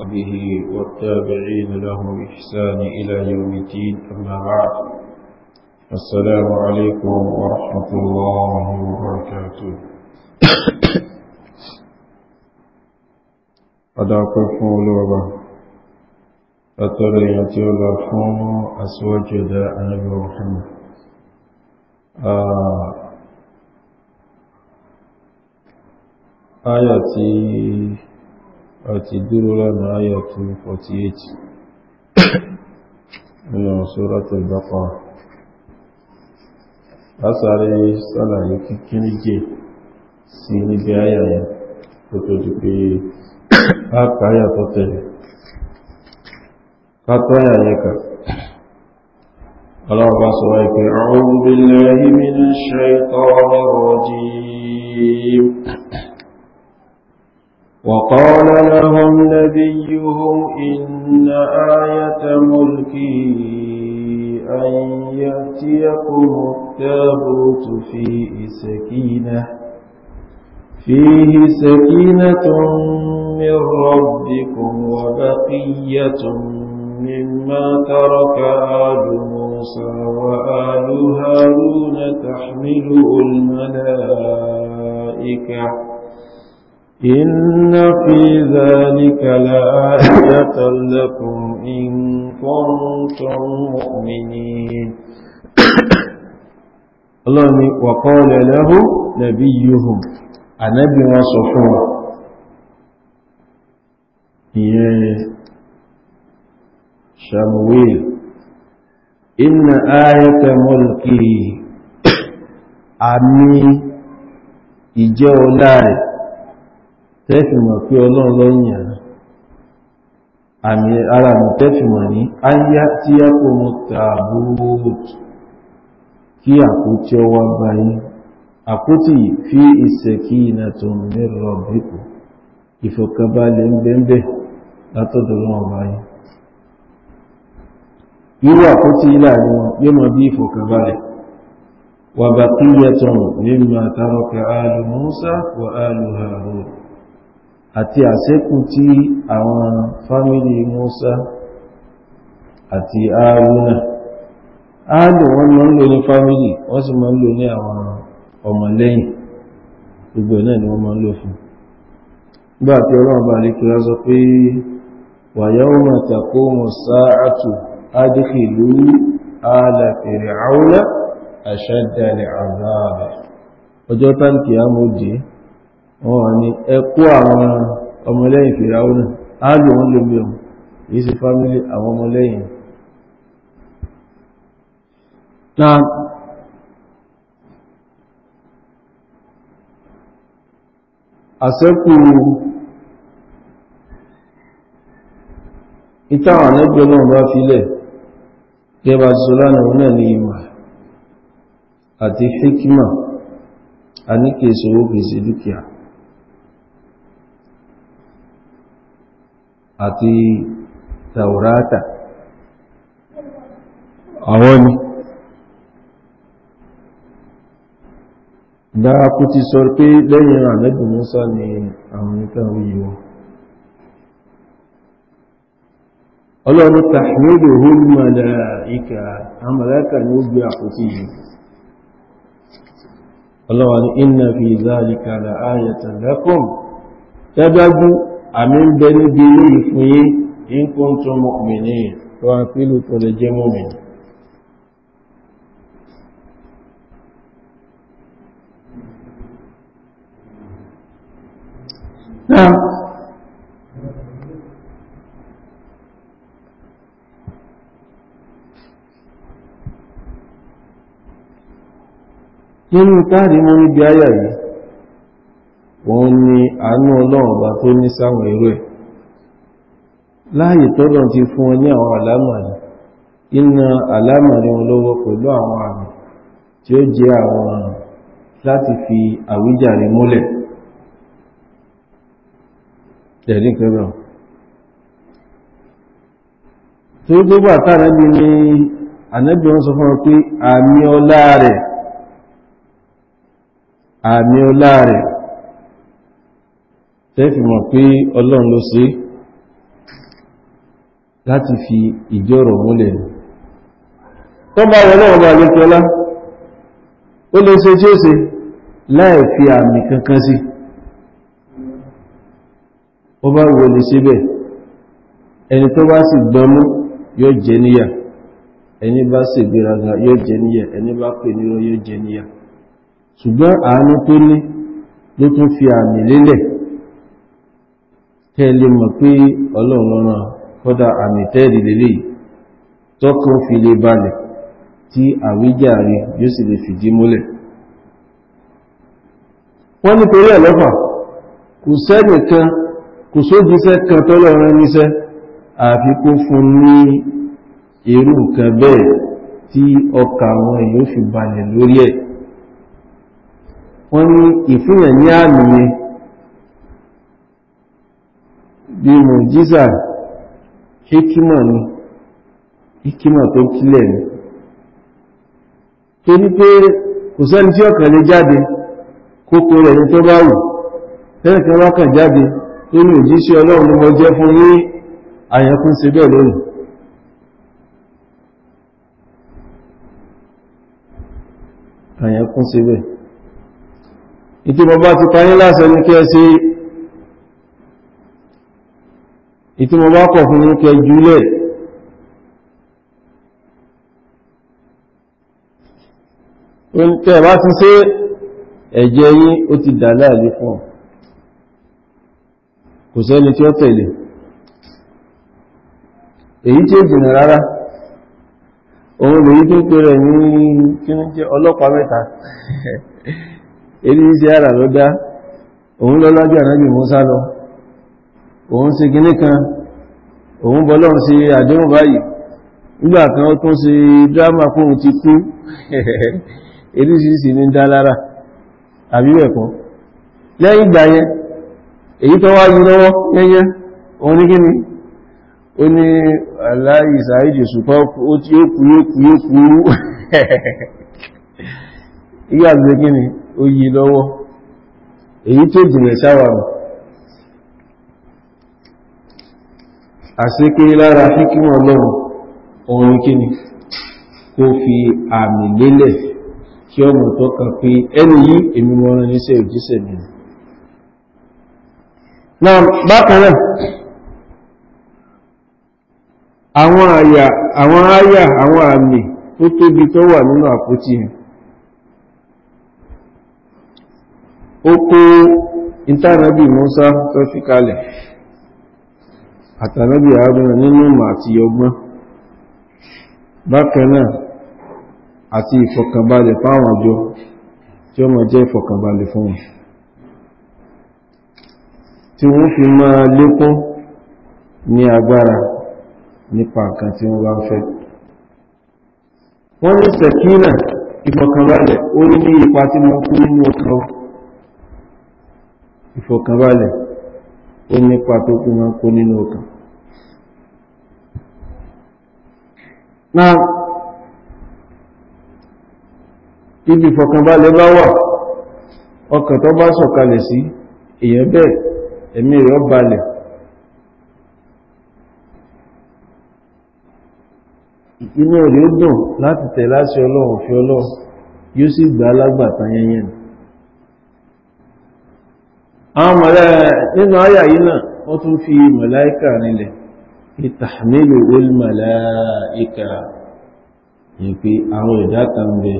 به والتابعين لهم إحسان إلى يوم الدين أما بعد السلام عليكم ورحمة الله وبركاته أدعوكم فولوبا أتريتي لكم أسوجد النبي محمد آه، آياتي àti dúró lọ́nà ayà 248 nínú Suratul Baqara látàrí sálàyé kíkírí jẹ sí níbi ayà yẹn tó tó di pé ápàáyà tó tẹ̀lẹ̀ kátọ́yà yẹn kà ọlọ́ọ̀bá sọ wáyé pé a'udhu billahi minash shaitanir rajim وقال لهم نبيهم إن آية ملكي أن يأتيكم التابوت فيه سكينة فيه سكينة من ربكم وبقية مما ترك آل موسى وآل هارون تحمله الملائكة إن في ذلك لآية لكم إن كنتم مؤمنين الله وقال له نبيهم النبي وصفوه شمويل إن آية ملكي أمي إجاو لاري tẹ́ẹ̀fì mọ̀ pé ọlọ́run ló yàn àmì ara mi tẹ́ẹ̀fì mọ̀ ní áyá tí a kò mú tààbúrò kí àkótí ọwá báyìí àkótí fi ìsẹ̀kí iná tó ń mẹ́rọ bíkù ìfọ̀kànbalẹ̀ ń bẹ́ńbẹ́ látọ̀dọ̀ náà báyìí irú àkótí ilá wọn yóò mọ bí Musa wà àti àṣẹ́kù tí àwọn fámílì Musa àti Haruna áàdùn wọ́n máa ń lò ní fámílì wọ́n sì máa ń lò ní àwọn ọmọlẹ́yìn gbogbo náà ni wọ́n máa ń lò fún nígbà tí ọlọ́run bá lè kíra sọ pé wa yawma taqumu as-sa'atu adkhilu ala fir'auna ashadda al-'adhab ọjọ́ táǹkì á wà ní ẹkọ́ àwọn ọmọlẹ́yìn fìràwó náà áàlù wọn lè mẹ́ ohun sí fámílì àwọn ọmọlẹ́yìn na àṣẹ́kù ìtàwọn anẹ́gbẹ́ náà bá filẹ̀ gẹ́bà sọ́lánà òun náà ní ìmọ̀ àti hikima a ní dúkìá àti tàwùrátà àwọn ni dákú ti sọ pé lẹ́yìn àmẹ́bù Mùsá ni àwọn ìtàwù yíwọ ọlọ́run tàhílò húnmọ̀lá ìkà àmàlẹ́kà ni ó gbé àkótí yìí ọlọ́run inna fi zalika la ayatan lakum dájú àmì ń bẹ níbi ilé ìfún yí in kuntum mu'minin tó wà pílù tó lè jẹ́ mọ́mìnì náà nínú táàrí mú níbi ayà yìí wọ́n ní àánú ọlọ́run ọba tó ní sáwọn irú ẹ̀ láàyè tọ́lọ̀ ti fún ọ ní àwọn àlámàrí iná àlámàrí wọn lọ́wọ́ pẹ̀lú àwọn àmì tí ó jẹ́ àwọn ọ̀ràn láti fi àwíjàre múlẹ̀ ẹ̀rí tó gbogbo ni ànẹ́bí wọn sọ fún pé àmì ọlá tẹ́fì mọ̀ pé ọlọ́run ló ṣe láti fi ìjọ́rọ̀ múlẹ̀ tó bá wọ́n náà bá lè tọ́lá ó lè ṣe tí ó ṣe láì fi àmì kankan sí ó bá wọ́n lè ṣe bẹ́ẹ̀ ẹni tó bá sì gbọmú yóò jẹ níyà ẹni bá sì gbéraga yóò jẹ níyà ẹni bá pè nírọ́ yóò jẹ níyà ṣùgbọ́n àánú tó ní ló tún fi àmì lélẹ̀ kẹ́ lè mọ̀ pé ọlọ́run rán kọ́dà àmì tẹ́ẹ̀rì lélẹ̀ tọ́kàn fi lè balẹ̀ tí àwíjàre yóò sì lè fìdí múlẹ̀ wọ́n nítorí ẹ̀ lọ́fà kò sẹ́nìkan kò sójíṣẹ́ kan tọ́lọ́run níṣẹ́ àfi kó fún ní irú nǹkan bẹ́ẹ̀ tí ọkà àwọn èèyàn fi balẹ̀ lórí ẹ̀ wọ́n ní ìfúnyẹ̀ ní àmì yẹn bí mùjíza hikima ni hikima tó kílẹ̀ ni tó ní pé kò sẹ́ni tí ọkàn lè jáde kókó rẹ̀ ní tó bá wù tẹ́nìkan bá kàn jáde tó ní òjíṣẹ́ ọlọ́run ni mo jẹ́ fún ní àyànkún ṣe bẹ́ẹ̀ lónìí àyànkún ṣe bẹ́ẹ̀ ìtí bàbá ti parí lásán ní kẹ́ sí ìtí mo bá kọ̀ fún yín kẹ jùlẹ̀ tẹ́ bá ti ṣe ẹ̀jẹ̀ yín ó ti dà láàrin fún kò sẹ́ni tí ó tẹ̀lé èyí tí ó jìnà rárá pèrè ní kí ní jẹ́ ọlọ́pàá mẹ́ta èyí ara dá òun lọ òun ṣe kinní kan òun bọ́lọ́run ṣe àdéhùn báyìí nígbà kan ó tún ṣe dírámà fóun ti kú eríṣiríṣi ní dálára àbíwẹ̀kọ́ lẹ́yìn ìgbà yẹn èyí tó wáyé lọ́wọ́ yẹ́yẹ́ òun ní kíni ó ní aláì sàáìjì ṣùpá ó tí ó kú yóò kú yóò kú ìgbà tó kíni ó yí lọ́wọ́ èyí tó jìnà sáwàrùn àti pé lára fíkímọ̀ ọlọ́run ọ̀run kí ni kó fi àmì lélẹ̀ kí ọmọ tọ́ka pé ẹni yí èmi wọn ní níṣẹ́ òjíṣẹ́ mi àwọn àyà àwọn àmì tó tóbi tó wà nínú àpótí ó kó ìtànàbì tó àtànábì Adam nínú ìmọ̀ àti ọgbọ́n bákan náà àti ìfọ̀kànbalẹ̀ fáwọn àjọ tí ó máa jẹ́ ìfọ̀kànbalẹ̀ fún wọn tí wọ́n fi máa lékún ní agbára nípa nǹkan tí wọ́n bá ń fẹ́ wọ́n ní sẹ̀kínà ìfọ̀kànbalẹ̀ ó ní ipa tí wọ́n kú nínú ọkàn ìfọ̀kànbalẹ̀ ó nípa tó kú máa kó nínú ọkàn náà ibi ìfọ̀kànbalẹ̀ bá wà ọkàn tó bá sọ̀kalẹ̀ sí èyàn bẹ́ẹ̀ ẹ̀mí rẹ̀ balẹ̀ inú rẹ̀ dùn láti tẹ̀ láti ọlọ́run fi ọlọ́run yóò sì gbà lágbàtà yẹnyẹn àwọn mọ̀lẹ́ nínú ayà yìí náà wọ́n tún fi màláíkà nílẹ̀ ìtàmílò olùmàláíkà ní pé àwọn ẹ̀dá kan bẹ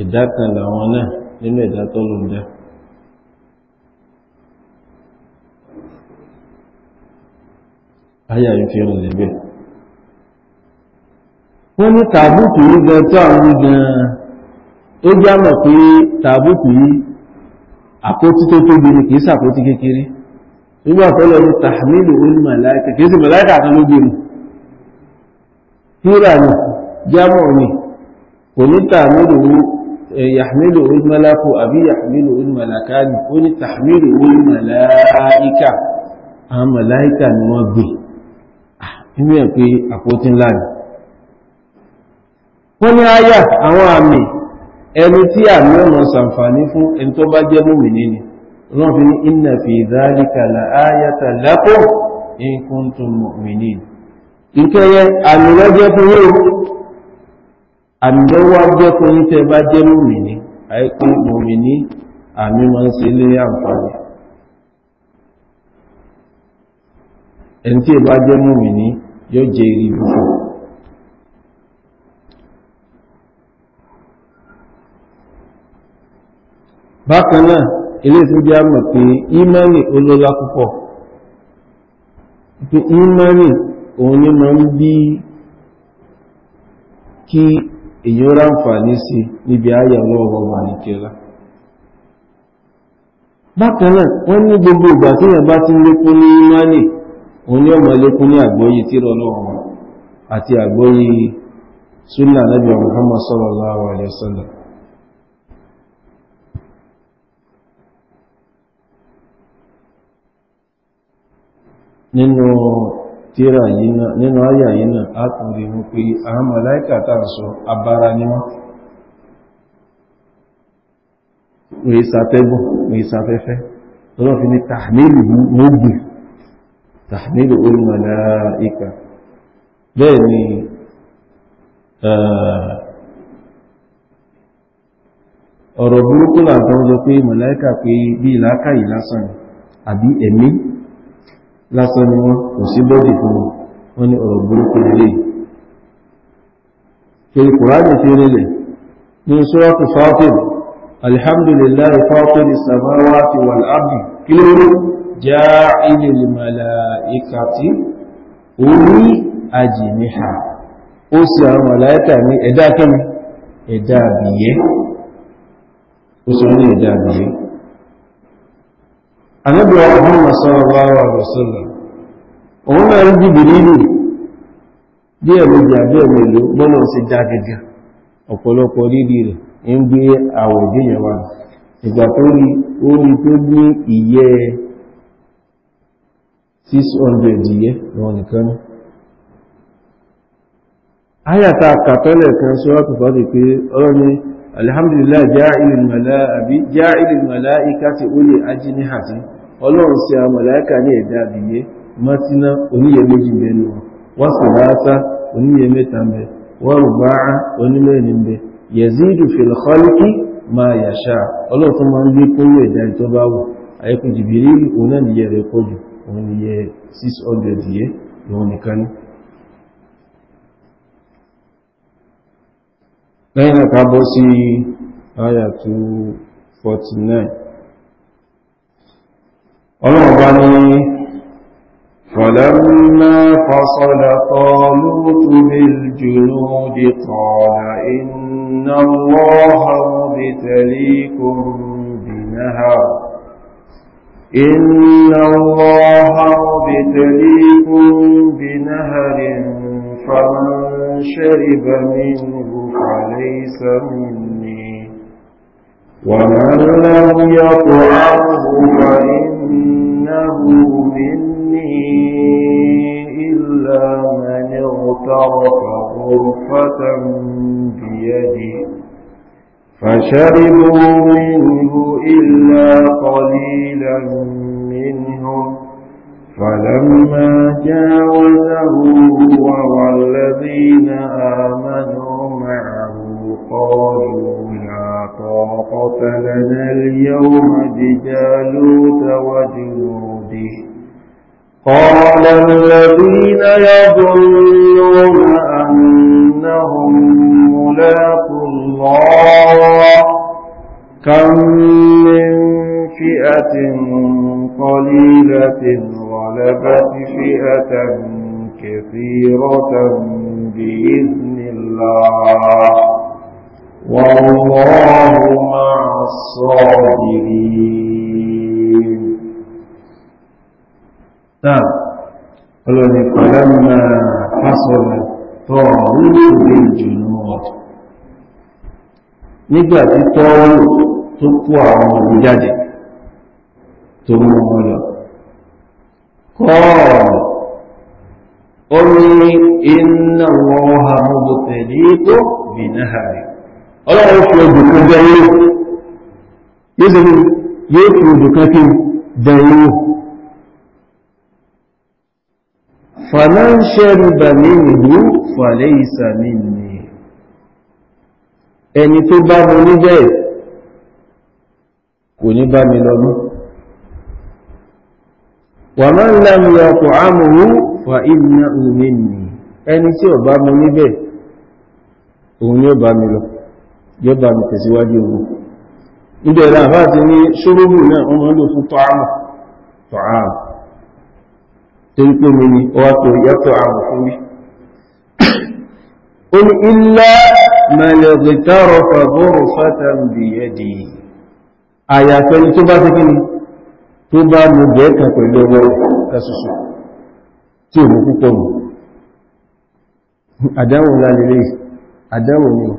ẹ̀dá kan làwọn náà nínú ẹ̀dá tọ́lọ̀dá ayà yìí fi hàn lẹ́gbẹ̀ẹ́ wọ́n ní tàbùtù yìí gan tó àwọn gan-an ó jẹ́ àmọ̀ pé tàbùtù yìí àkótí tó tóbi ni kìí sàkótí kékeré nígbà tọ́lọ ní tàhmílù ní màláìkà kìí sì màláìkà kan ló gbèrú híra ni jámọ̀ ni kò ní tàhmílù eh, yàhmílù ní màláìkà àbí yàhmílù ní màláìkà ni ó ní tàhmílù ní màláìkà àwọn màláìkà ni wọ́n gbé inú ah, pé àkótí ńlá ni wọ́n ní àyà àwọn àmì ẹni tí àmì ọ̀nà sàǹfàní fún ẹni tó bá jẹ́ mùmìnì ni wọ́n fi ní inna fi dhalika la ayata lakum in kuntum mu'minin ìkẹyẹ àmì lọ́jẹ́ fún yóò àmì lọ́wọ́ jẹ́ fún yí tẹ́ bá jẹ́ mùmìnì àìkú mùmìnì àmì wọn sí ilé àǹfààní ẹni tí ì bá jẹ́ mùmìnì yóò jẹ́ ìrìbù bákan náà ilé tó jẹ́ àmọ̀ pé ìmánì olóla púpọ̀ pé ìmánì òun ni máa ń bí kí èyí ó ráǹfààní sí níbi ayà ọlọ́wọ́ ọmọ àríkẹ́lá bákan náà wọ́n ní gbogbo ìgbà tí èèyàn bá ti lékún ní òun ni ọmọ lékún ní àgbọ́yé tí ọlọ́wọ́ àti àgbọ́yé súnà Ànábì Muhammad nínú tíra yìí náà nínú ayà yìí náà a tún rí mú pé àwọn màláíkà tá ń sọ abára ni wọ́n wọ́n ìsàtẹ́gùn wọ́n ìsàfẹ́fẹ́ tọ́lọ́ fi ní tàhnílù mọ́gbìn tàhnílù olùmọ̀láíkà bẹ́ẹ̀ ni eh, ọ̀rọ̀ burúkú làtọ́ sọ pé màláíkà pé bí ìlàkà ìlásàn àbí ẹ̀mí lásán ni wọ́n kò sí bọ́dì fún wọn wọ́n ní ọ̀rọ̀ burúkú lélẹ̀ kiri kùránì fi rinlẹ̀ ní sọ́ọ̀tù fáfíìl alhamdulillahi fáfíìl samawati wal ardi kí ló rí ja'ilil malaikati orí ajiniha ó sì àwọn màláìkà ní ẹ̀dá kẹ́mi ẹ̀dá àbìyẹ́ ó sọ ní ẹ̀dá àbìyẹ́ ànábì wa Muhammad sallallahu alaihi wasallam òun náà rí jìbìrì nù bí ẹ̀rọ jẹ́ àbí ẹ̀rọ ìlú bọ́nà sí dá ọ̀pọ̀lọpọ̀ rírí rẹ̀ ń gbé wà ìgbà 600 ìyẹ́ wọn nìkan ní ayàtà kàtọ́lẹ̀ kan tó alhamdulillah ja'ilil malaabi ja'ilil malaikati uli ajnihati ọlọ́run sí àwọn màláíkà ní ẹ̀dá àbìyẹ mọ́tíná oníyẹ méjì bẹnu wọn sì láásá oníyẹ mẹ́ta bẹ wọ́n rùbáá onímẹ́rin bẹ yazidu fil khalqi ma yasha ọlọ́run tó máa ń gbé kóró ẹ̀dá ìtọ́ bá wù àyẹ̀kù jìbìrì òun náà nìyẹ rẹ̀ pọ̀jù òun nìyẹ 600 yẹ ìwọ̀n nìkan ni lẹ́yìn náà ká bọ́ sí àyà 249 ọlọ́run bá ní فَلَمَّا فَصَلَ طَالُوتُ بِالْجُنُودِ قَالَ إِنَّ اللَّهَ مُبْتَلِيكُم بِنَهَرٍ إِنَّ اللَّهَ مُبْتَلِيكُم بِنَهَرٍ فَمَن شَرِبَ مِنْهُ فليس مني ومن لم يطعمه فإنه مني إلا من اغترف غرفة بيده فشربوا منه إلا قليلا منهم فلما جاوزه هو والذين آمنوا قالوا لا طاقة لنا اليوم بجالوت وجنوده قال الذين يظنون أنهم ملاك الله كم من فئة قليلة غلبت فئة كثيرة بإذن الله والله مع الصابرين نعم قالوا فلما حصل طاروت بالجنود نجا في طاروت تقوى ومجاجة ثم قال قال قل إن الله مبتليك بنهرك ọlọ́run fi odò kan jẹ yóò yóò sì ní yóò fi odò kan kí jẹ yóò fàlánṣẹ́rù bà ní ìlú fàlẹ́ ìsà ní ìní ẹni tó bá mú níbẹ̀ kò ní bá mi lọ́nà ẹni tí ó mú níbẹ̀ òun ni ó bá mi lọ́nà yóò bá mi tẹ̀síwájú ogun níbẹ̀ ìlà àfáà ti ní ṣúrúbù náà wọ́n máa ń lò fún tọ́àmù tọ́àmù tó ń pè mí ní ọwá tó yàtọ̀ àmù fún mi ó ní ilá mẹ́lẹ̀gbẹ̀tàrọ̀ fàbọ̀rọ̀ fátàmbìyẹ́dì àdáwò lálẹ́lẹ́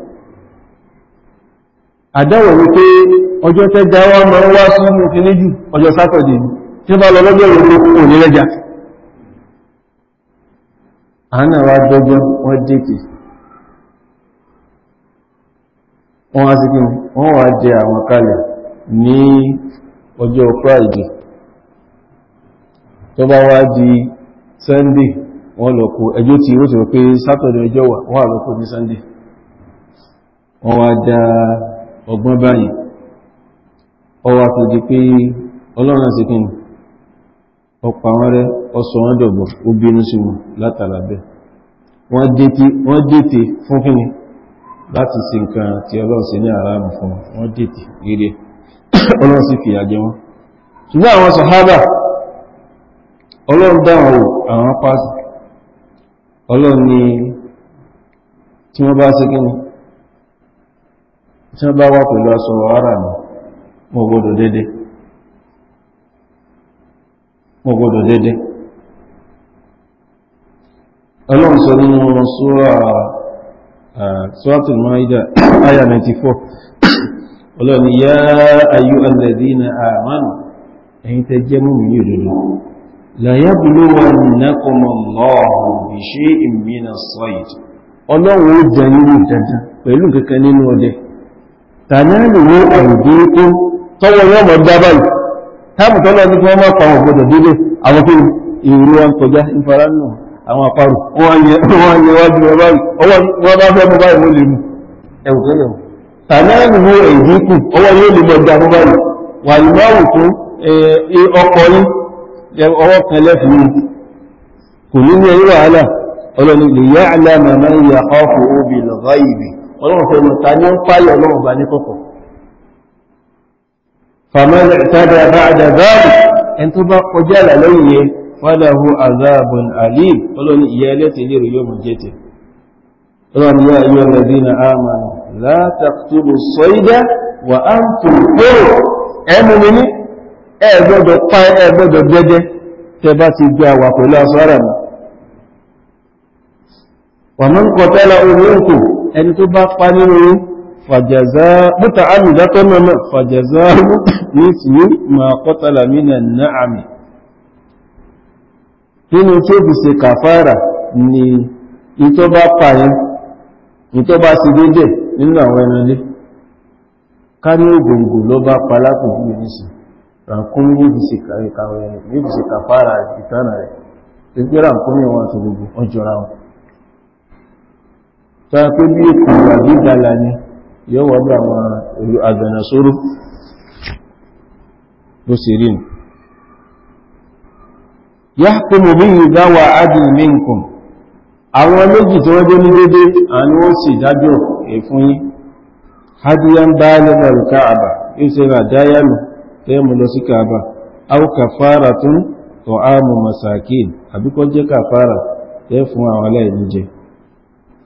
àdáwò wípé ọjọ́ tẹ́ dáwà ma ń wá sí mú kìíní jù ọjọ́ sátọ̀dé tí bá lọ lọ́jọ́ ìlú kò ní lẹ́jà àánà wọ́n dìkì wọ́n á sí kí wọ́n wá jẹ àwọn kalẹ̀ ní ọjọ́ friday tó bá wá di sunday wọ́n lọ kó ẹjọ́ tí ó ọgbọ́n báyìí ọwà tó di pé ọlọ́run sí kí ọpa wọn rẹ ọsọ wọn dọ̀gbọ̀ ó bínú sí wọn látara bẹ́ẹ̀ wọ́n dètè fún ni láti sí nǹkan tí ọlọ́run sí ní àrámù fún wọn wọ́n dètè lérí ọlọ́run sì fìyà jẹ wọn ṣùgbọ́n àwọn sàhábà ọlọ́run dáhùn àwọn pàṣẹ ọlọ́run ni tí wọ́n bá sí kíni tí wọ́n bá wà pẹ̀lú aṣọ ara mi mo gbọ́dọ̀ dédé ọlọ́run sọ nínú suratul Maida aya 94 ọlọ́run ya ayyuhal ladhina amanu ẹ̀yin tẹ́ jẹ́ mú mi ní òdodo la yabluwannakum Allahu bi shay'in minas sayd ọlọ́run ó jẹ nínú ìdájá pẹ̀lú kankan nínú ọdẹ tàníàlùwé àìdí tó tọ́wọ́ yọ́ mọ̀ dá báyìí táàmù tọ́lọ́ ní kí wọ́n máa pa àwọn òbòdò délé àwọn tó ìrú wọn kọjá ìfara nù àwọn àparò wọ́n yẹ wájú wọn báyìí ọwọ́ bá fẹ́ mú báyìí wọ́n lè mú ẹ̀wù tó yẹ̀wù tàníàlùwé àìdí kù ọwọ́ yóò lè mọ̀ mú báyìí wà ní máwù tó ọkọ̀ yín ọwọ́ kan lẹ́fù kò ní ní ọlọ́run fẹ́ mọ̀ ta ní ó páyọ̀ ọlọ́run bá ní kọ̀kọ̀ fàmọ́lẹ̀ ìtajà bá àjàzáàbù ẹn tó bá kọjá àlà lẹ́yìn yẹn fọ́láhù àzáàbùn àlìm ọlọ́run ìyá ẹlẹ́tì lérò yóò mọ̀ jẹ́tẹ̀ ọlọ́run yá ayọ́ rẹ̀bí na àmàlà látàkùtùbù sọ́ídá wà á ń tún kóró ẹni tó bá pa nínú yín fàjàzá múta àmìdá tó náà fàjàzá ní ìsìnú ma kọ́tàlá mínà náàmì nínú tí ó fi ṣe kàfàrà ni ìtọ́ bá pààyàn ìtọ́ bá sì dédé nínú àwọn ẹranlé ká ní ògùngù ló bá pa lápòjú ìrísì ràkúnmí ní fi ṣe kàfàrà ìtànà rẹ̀ tó gbé ràkúnmí wọn àti gbogbo ọjọ́ra wọn kaakwa biyye kwa ụra ndị dala nye ya wabara mụ a ndụ azụna suru. rọsiriin ya hapụmụ n'ihi ndawa a dịghị mịn awon àwọn méjì dọrọdị nide dee ànú wọ́n si dabi efuunyi ha di ya ndaa level kaaba ịhụ sebe a daa ya nụ e mụ nnọọsi kaaba ahụ ka faara tụrụ tụ a mụ masakịn je ka faara efuun àwọn ala iji nje.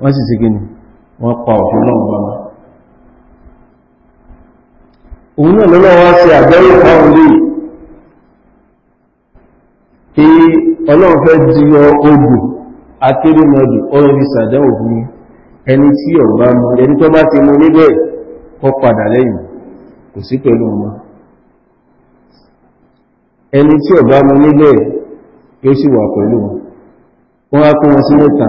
wọ́n sì sí gíní wọ́n pa òfin náà bá wọn òun náà lọ́lọ́wọ́ sí àgbẹ́rù fáwọn lè pé ọlọ́run fẹ́ di ogun akérèmọdù ọ̀rọ̀ fi sàdẹ́wò fún ẹni tí ọ̀bá mú ẹni tó bá ti mú níbẹ̀ kó padà lẹ́yìn kò sí pẹ̀lú ọmọ ẹni tí ọ̀bá mú níbẹ̀ yóò sì wà pẹ̀lú wọn wọ́n á kó wọn sí mẹ́ta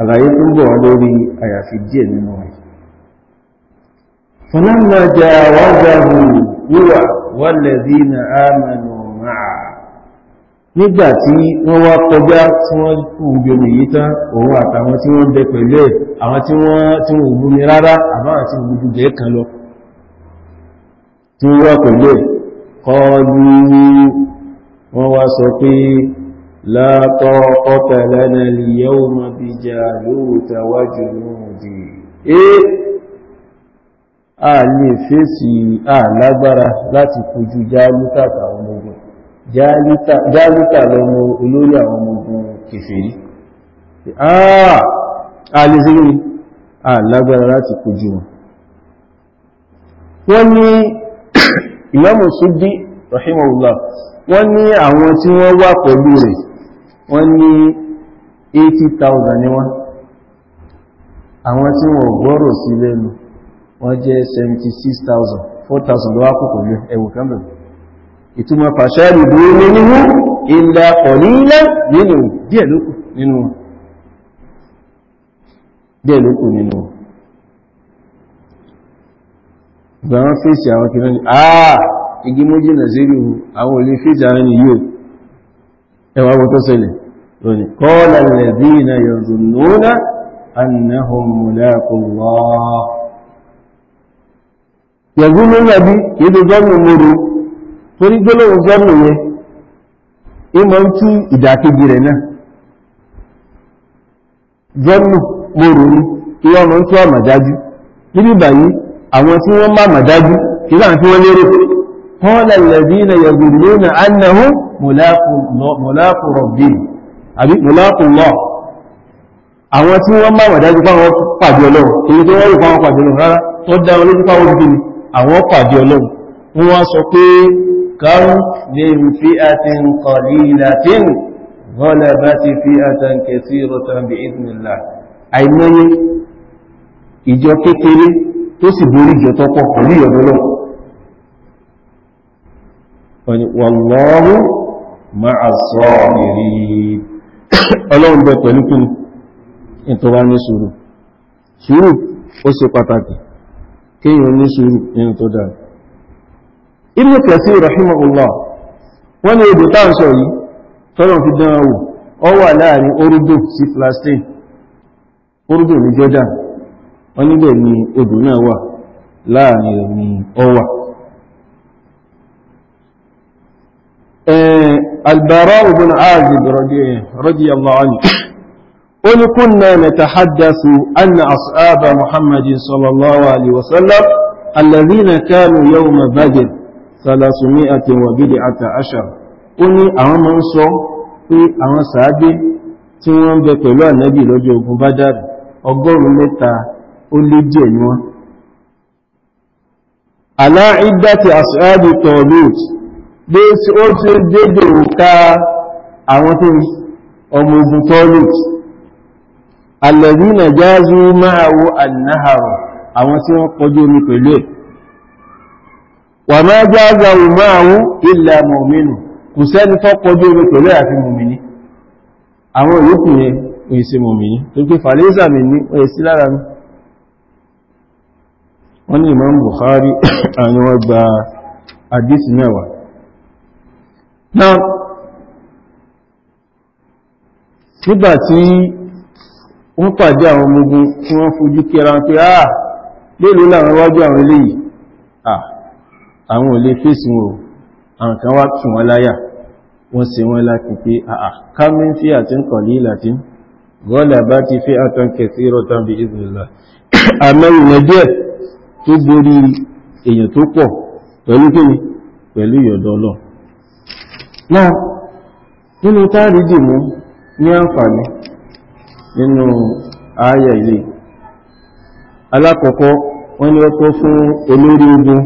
àlàyé tó bọ̀ lórí àyàfi díẹ̀ nínú rẹ̀ fọ́nàmà jà wọ́gbàhù wúwà wọ́lẹ̀dí na ámànù máa nígbà tí wọ́n wá kọjá tí wọ́n kùn gbèmì yìí tán òun àtàwọn tí wọ́n bẹ pẹ̀lú àwọn tí wọ́n tí wọ́n gbúmi rárá àbáwọn tí wọ́n gbúgbù jẹ́ kan lọ tí wọ́n wá pẹ̀lú ẹ̀ kọlu wọ́n wá sọ pé لا طاقة لنا اليوم بجالوت وجنوده إيه a lè fèsì àlágbára láti kojú jálítà àtàwọn ọmọ ogun jálítà lọmọ olórí àwọn ọmọ ogun kèfèrí a lè sí rí àlágbára láti kojú wọn wọ́n ní ìmáàmù Suddi rahimahullah wọ́n ní àwọn tí wọ́n wà pẹ̀lú rẹ̀ wọ́n ní 80,000 ni wọ́n àwọn tí wọ́n gbọ́rọ̀ sí lẹ́nu wọ́n jẹ́ 76,000 4,000 lọ́wọ́ kòkò lẹ́ ẹ̀wò kẹ́mbẹ̀ ìtumọ̀ pàṣẹ́rì búrú ní nínú ilẹ̀ ọ̀nílẹ̀ nínú díẹ̀ lókù nínú wọn díẹ̀ nínú fèsì àwọn kìnnà àà igi mú jìnà sí àwọn olè fèsì àwọn ènìyàn ẹwà wo tó ṣẹlẹ̀ lónìí kọ́ọ̀lá lẹ́dí na yọ̀rùn lónà annahum mulakullah yẹ̀gú ló ń yàbí kìí tó zọ́nù torí gbólóhùn zọ́nù yẹn ìmọ̀ ń tú ìdàkejì rẹ̀ náà zọ́nù mòrò ọmọ ń tú àmàdájú níbi báyìí àwọn tí wọ́n àmàdájú wọ́n lérò قال الذين يظنون أنهم ملاق ربهم أبي ملاق الله àwọn tí wọ́n máa wàdájú fáwọn pàdé ọlọ́run èyí tó wọ́n rí fáwọn pàdé ọlọ́run rárá tó dá wọn lójú fáwọn òbí ni àwọn pàdé ọlọ́run wọ́n wá sọ pé káàrùn lè rú fi àtin kọ̀lì latin gọ́lẹ̀ bá ti fi àtàn kẹsí rọ̀tàn wọ́n ni wallahu ma'a sabirin ọlọ́run bẹ pẹ̀lú kí ní tó bá ní sùúrù sùúrù ó pàtàkì kíyàn ní sùúrù nínú tó dáa Ibn Kathir rahimahullah wọ́n ni odò táà sọ yìí tọ́lọ̀ fi dán láàrin sí ni البراء بن عازب رضي الله عنه قل كنا نتحدث أن أصحاب محمد صلى الله عليه وسلم الذين كانوا يوم بدر ثلاثمائة وبدعة عشر قل أهم أنصر في أهم سعدي tí wọ́n ń bẹ pẹ̀lú ànábì lọ́jọ́ ogun bádàrí ọgọ́rùn mẹ́ta ó lé bí ó ṣe dédè ká àwọn tó ọmọ ogun tọ́lù alladhina jazu ma'ahu an-nahar àwọn tí wọ́n kọjú omi pẹ̀lú ẹ̀ wa ma jazahu ma'ahu illa mu'minun kò sẹ́ni tó kọjú omi pẹ̀lú àfi mọ̀mìnì àwọn ìyókù yẹn òyìnṣe mọ̀mìnì tó pé fàlẹ́sà mi ní òyìn sí lára mi wọ́n ní Imam Bukhari àwọn ọgbà àdísì mẹ́wàá náà nígbà tí wọ́n pàdé àwọn ọmọogun tí wọ́n fojú kẹra pé àà ah, lélò láwọn wájú àwọn eléyìí ah, àwọn ò lè fèsì wọn àwọn kan wá tún wọn láyà wọ́n ṣe wọ́n láti pé àà kámin fi àti ń kọ̀lí ìlàtí gọ́ọ̀lá bá ti fi àtàn kẹsí rọ̀tàn bí ìzìnlá àmẹ́rin ẹgbẹ́ tó borí èèyàn tó pọ̀ pẹ̀lú kíni pẹ̀lú ìyọ̀dọ̀ ọlọ́run náà nínú táàrí dìmú ní àǹfààní nínú ààyà ilé alákọ̀ọ́kọ́ wọ́n ní ọkọ́ fún olórí ogun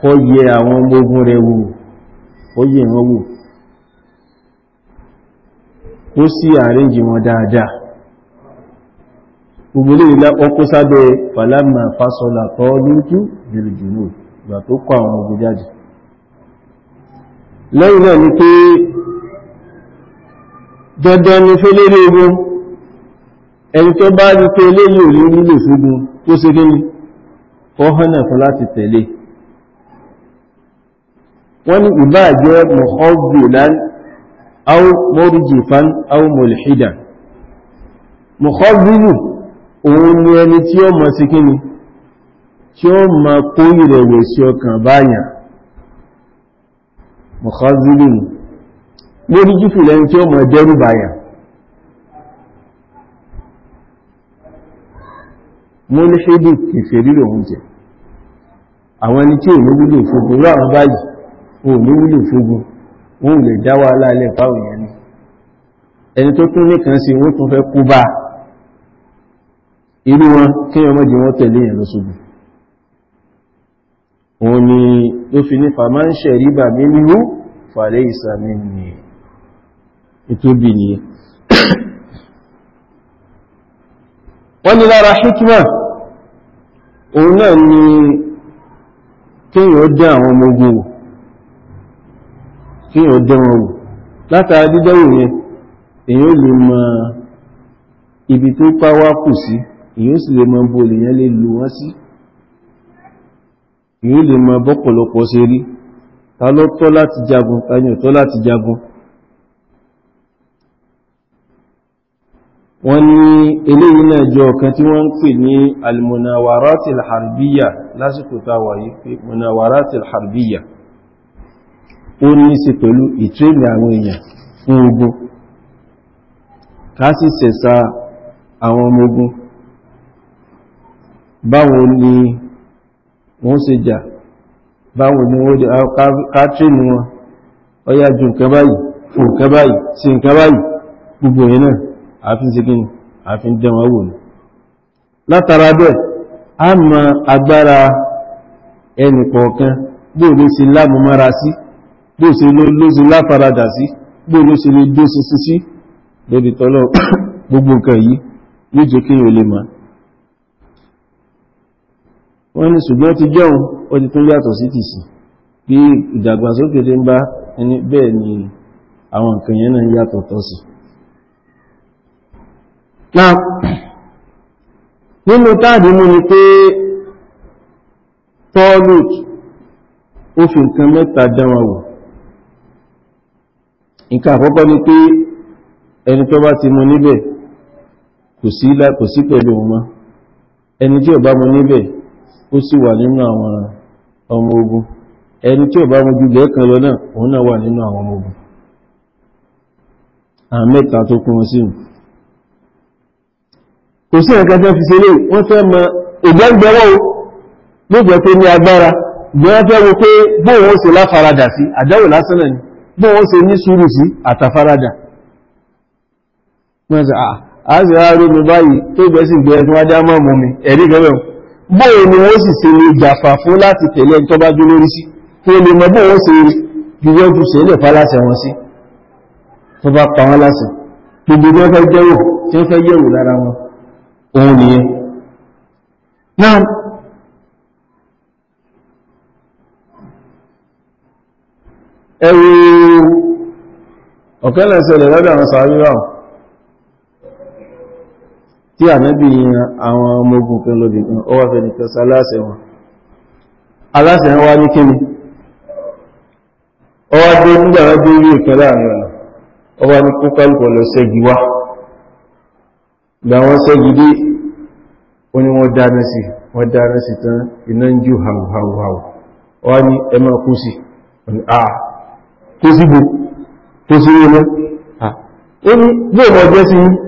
kọ́ yẹ àwọn ọmọ ogun rẹ̀ wò ó yẹ wọ́n wò ó sì àríjì wọn dáadáa gbogbo ilé ọkọ́ sábẹ́ fàlámà fásọlà tọ́ lójú bìrìjì náà ìgbà tó kọ àwọn ogun jáde lẹ́yìn náà ni pé dandan ni fẹ́ lérí ogun ẹni tó bá rí pé eléyìí ò ní nílò fúgun tó ṣe gíní fọ́hánà fún láti tẹ̀lé wọ́n ní ìbá jẹ́ mọ̀họ́gbìlán au mọ́rìjìfán au mọ̀lìhìdà mọ̀họ́gbìlù òun ni ẹni tí ó mọ̀ sí kíni tí ó mọ̀ kó ìrẹ̀wẹ̀sí ọkàn báyàn mọ̀kọ́zílì lórí jùsù lẹ́yìn tí ó mọ̀ jẹ́rù báyà mọ́lẹ́ṣẹ́dì kèfèrí lòun jẹ́ àwọn ẹni tí ò ní wúlò fógun láàrín báyìí ò ní wúlò fógun wọn ò lè dáwà aláàlẹ́ fáwọn èèyàn ni ẹni tó òun ni ló fi nípa máa ń ṣẹ̀ rí bà mí nínú fàlẹ́ ìsàmì ni ìtóbi ni wọ́n ni lára ṣíkímà òun náà ni kíyàn ó dẹ́ àwọn ọmọ ogun wò kíyàn ó dẹ́ wọn wò látara dídẹ́wò yẹn èyàn lè mọ ibi tó pàwákù sí èyàn sì lè mọ bó lèyàn lè lò wọ́n sí si yóò lè mọ bọ́pọ̀lọpọ̀ ṣe rí ta ló tọ́ láti jagun ta ni ò tọ́ láti jagun wọ́n ní eléyìí náà jọ ọ̀kan tí wọ́n ń pè ní almunawaratil harbiya lásìkò táwà yìí pé munawaratil harbiya ó ní sí pẹ̀lú ìtírẹ̀lì àwọn èèyàn fún ogun ká sẹ̀sà àwọn ọmọ ogun báwo ni wọ́n ṣe jà báwo ni wọ́n jẹ́ kátírínì wọn ọyá ju nǹkan báyìí fún nǹkan báyìí sí nǹkan báyìí gbogbo yẹn náà àfin sí kíni àfin dán wọn wò ní látara bẹ́ẹ̀ a mọ agbára ẹnì kọ̀ọ̀kan bó ló ṣe lámúmára sí bó ṣe ló ṣe láfaradà sí bó ló ṣe lè dó ṣinṣin sí lórí tọ́lọ́ gbogbo nǹkan yìí níjòkè ò lè máa wọ́n ní ṣùgbọ́n ti jọun ó ti tún yàtọ̀ sí ti sì bí ìdàgbàsókè tí ń bá ẹni bẹ́ẹ̀ ni àwọn nǹkan yẹn náà yàtọ̀ tọ́ sí ni pé Tọ́lùt ó fi nǹkan mẹ́ta dánwà wò nǹkan àkọ́kọ́ ni pé ẹni tó bá ti mú níbẹ̀ kò sí pẹ̀lú ọmọ ẹni tí ó bá mú níbẹ̀ ó sì wà nínú àwọn ọmọ ogun ẹni tí ò bá mú jùlọ ẹ̀kan lọ náà òun náà wà nínú àwọn ọmọ ogun àwọn mẹ́ta tó kún sí kò sí ẹ̀ka fẹ́ fi ṣe lé wọ́n fẹ́ mọ ìgbẹ́gbẹ́wọ́ ló jẹ́ ní agbára bí wọ́n fẹ́ ni bóun ó ṣe ní sùúrù sí àtàfaradà wọ́n sọ àá sì rárá mọ́ bóò ni wọ́n sì ṣe lè jàfà fún láti tẹ̀lé ẹni tó bá jú lórí sí kí o lè mọ bóò wọ́n ṣe yíyọ́jú sí ilẹ̀ fáláṣẹ wọn sí tó bá pa wọ́n láṣẹ gbogbo ní ọfẹ́ jẹ́wò tí ó fẹ́ yẹ̀wò lára wọn òun nìyẹn náà ẹ̀rù ọ̀kẹ́lẹ̀ ṣẹlẹ̀ lọ́dọ̀ àwọn sàáríràn tí ànábì yan àwọn ọmọ ogun kan kan ọwọ́ fẹ́nìkan sáláṣẹ wọn aláṣẹ wá ní kíni ọwọ́ dé nígbà dé orí ìkan láàrin ọ̀nà ní lọ ṣẹ́gi wá gbà ṣẹ́gi dé ó ní wọ́n dáná sí tán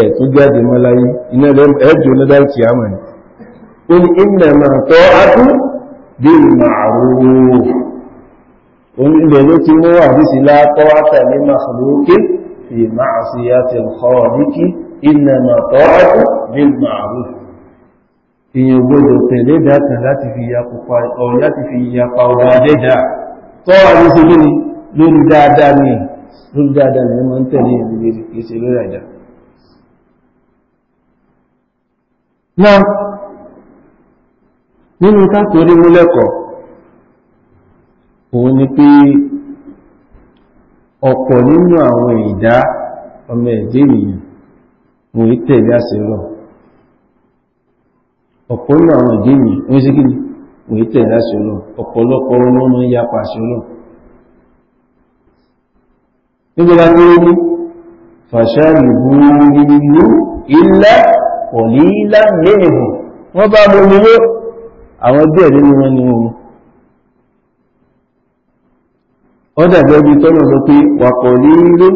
ẹ̀tún jáde mọ́ láyé iná ẹjù onídàrí kì á mọ̀ ní ó ní ìnà máa tọ́ ápú bí ìmàrúwò ilẹ̀ ló ti mú àdísí látọ́ átàlé màṣàlókè fi máa sí àti ọ̀kọ́ níkí ìnà máa tọ́ ápú bí ìmàrúwò èèyàn gbọ́dọ̀ láti fi yapa ọba adẹ́dà tọ́ àdísí kí lórí dáadáa ni lórí dáadáa ni wọ́n tẹ̀lé ìrìnlẹ̀ ìṣẹ̀lẹ̀ àìdáa náà nínú tátorí mú lẹ́kọ̀ọ́ òun ni pé ọ̀pọ̀ nínú àwọn ìdá ọmọ ẹ̀dẹ́ ènìyàn wọ́n yí tẹ̀lé àṣẹ lọ ọ̀pọ̀ nínú àwọn ìdí ènìyàn wọ́n sí kí wọ́n yí tẹ̀lé àṣẹ lọ ọ̀pọ̀lọpọ̀ wọn ń yapa àṣẹ lọ nígbà tí ó ní fàṣà ìbúrú ilẹ̀ kọ̀lílá mẹ́nìhù wọ́n bá mú mi ló àwọn díẹ̀ nínú wọn ni wọn ó dàbẹ́ bí tọ́nà sọ pé wà kọ̀lílú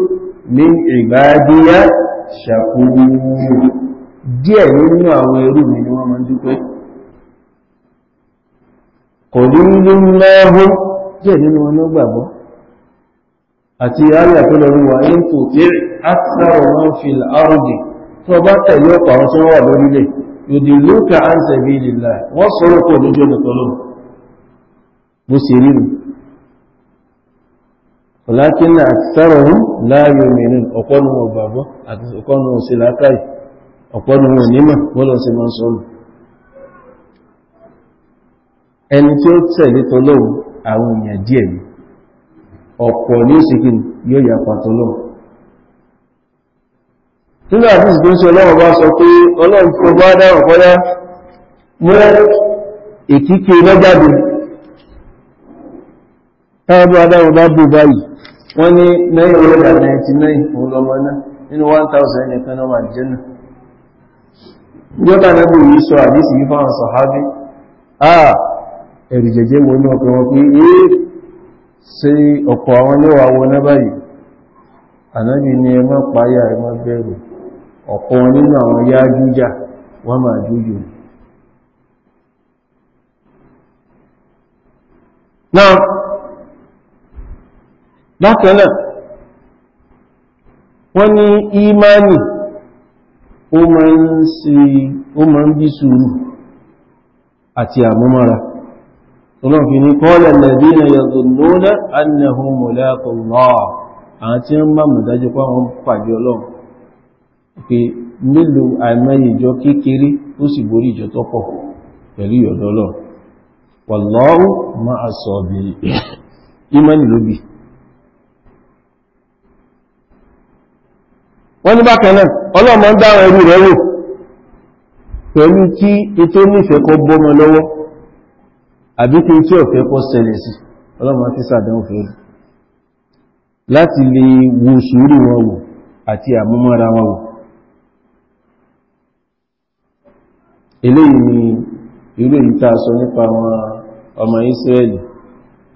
ní ìgbàdíyà ṣàkúrú díẹ̀ nínú àwọn ẹrú mi ni wọ́n máa dúpẹ́ kọ̀lílú mẹ́hù díẹ̀ tó tẹ̀lé ọ̀pọ̀ àwọn tí wọ́n wà lórílẹ̀ yòdì lókà wọ́n sọ̀rọ̀ kò lójú nìtọ́lọ́ bó sì rí nù ọ̀lákínà àti sárọ̀rún ọ̀pọ̀nù àti ọ̀pọ̀nù ọ̀pọ̀nù onímọ̀ sí máa ẹni tí ó tẹ̀lé àwọn nínú àti ìsìnkú ọlọ́run bá sọ pé ọlọ́run tó bá dáhùn fọ́lá mú èkíkẹ́ lọ́jáde táwọn bá dáhùn bá bù báyìí wọ́n ní 999 òun lọ́mọ náà nínú 1000 nẹ́bù yìí sọ àdísì yìí fáwọn sọ̀hábí àà ẹ̀rì jẹjẹ mọ́ ní ọkọ̀ wọn pé é ṣe ọ̀pọ̀ àwọn lọ́wọ́ àwọn náà báyìí ni páyà ọ̀pọ̀ na àwọn yá jújà wọ́n máa jújù náà bákanáà wọ́n ní ìmáni ó ma ń ṣe ó máa ń bí sùúrù àti àmúmọ́ra ọlọ́n fi ní kọ́lẹ̀ lẹ́bínà na annahum mulaqu Allah tí ń bá mọ̀ dájú pé ọlọ́run pé mélòó àìmọye ìjọ kékeré ó sì borí ìjọ tó pọ̀ pẹ̀lú ìyọ̀dọ́lọ̀ wallahu ma'a sabirin ìmánì lóbi wọ́n ní bákan náà ọlọ́mọ ń dáwọn ẹrú rẹ̀ wò pẹ̀lú kí ètò nífẹ̀ẹ́ kọ bọ́mọ lọ́wọ́ àbí kí tí ọ̀fẹ́ kọ ṣẹlẹ̀ sí ọlọ́mọ fi sàdánwò fẹ́ láti lè wo sùúrù wọn wò àti àmúmọ́ra wọn wò eléyìí ni irú èyí tá a sọ nípa àwọn ọmọ Ísírẹ́lì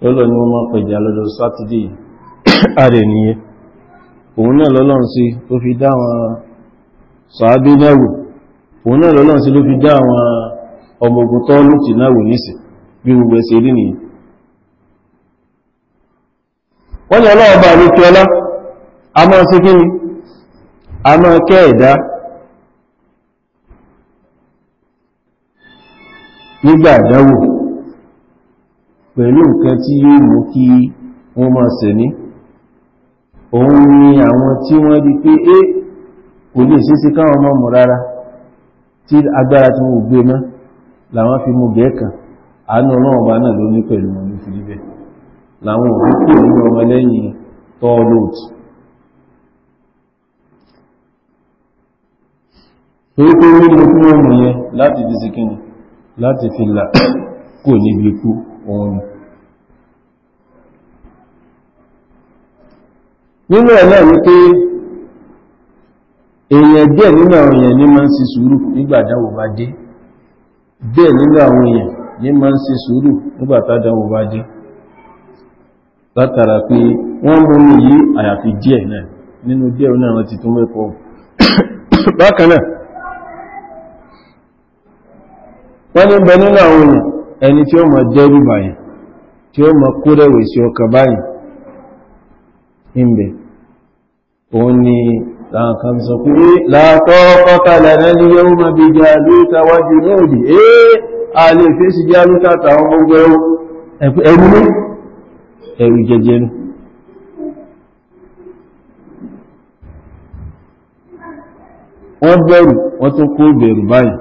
lọ́lọ́ ni wọ́n máa pẹ̀jà lọ́dọ̀ sátidé nìyẹn òun náà lọ́lọ́run sí tó fi dá àwọn sàábé náà òun náà lọ́lọ́run ló fi dá àwọn ọmọ ogun tọ́lùtì nígbà àdánwò pẹ̀lú nǹkan tí yóò mú kí wọ́n máa sẹ̀mí òun ni àwọn tí wọ́n rí pé é kò lè ṣe sí káwọn máa mọ̀ rárá tí agbára tí wọ́n gbé mọ́ làwọn fi mú gẹ̀ẹ́kàn àánú ọlọ́run ọba náà ló ní pẹ̀lú wọn ní fi níbẹ̀ làwọn òun kò ní ọmọ lẹ́yìn tọ́ọ̀lọ́t torí pé ó ní fún ọmọ yẹn láti di sí kíni láti fi là kò níbi ikú ohun nínú ẹ̀ náà wípé èèyàn díẹ̀ nínú àwọn èèyàn ní máa ń ṣe sùúrù nígbàdáwò bá dé díẹ̀ nínú àwọn èèyàn ní máa ń ṣe sùúrù nígbàtádáwò bá dé látara pé wọ́n mú ní yí àyàfi díẹ̀ náà nínú díẹ̀ ti tún mẹ́kọ̀ọ́ wọ́n ní bẹ nínú àwọn èèyàn ẹni tí ó mọ̀ jẹ́rù báyìí tí ó mọ̀ kó rẹ̀wẹ̀ sí ọkà báyìí ìbẹ̀ òun ni àwọn kan sọ pé láàtọ́ kọ́tàlẹ̀ rẹ̀ ní yóò mọ̀ bí jàlúta wájú ní òdì wọ́n bẹ̀rù wọ́n tún kó bẹ̀rù báyìí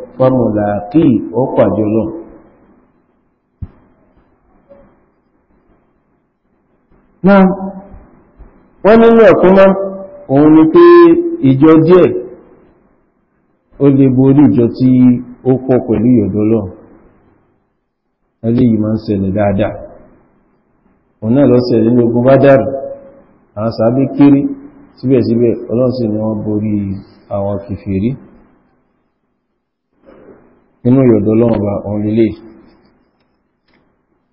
wọ́n mú làákì ó pàdé ọlọ́run náà wọ́n nínú ẹ̀kọ́ náà òun ni pé ìjọ díẹ̀ ó lè borí ìjọ tí ó pọ̀ pẹ̀lú ìyọ̀dọ́ lọ yìí máa ń ṣẹlẹ̀ dáadáa òun náà lọ́sẹ̀ nínú ogun bá dàrú àwọn sàábé kéré síbẹ̀síbẹ̀ ọlọ́sìn ni wọ́n borí àwọn kìfèrí nínú ìyọ̀dọ̀ ọlọ́run bá ọ̀run lílé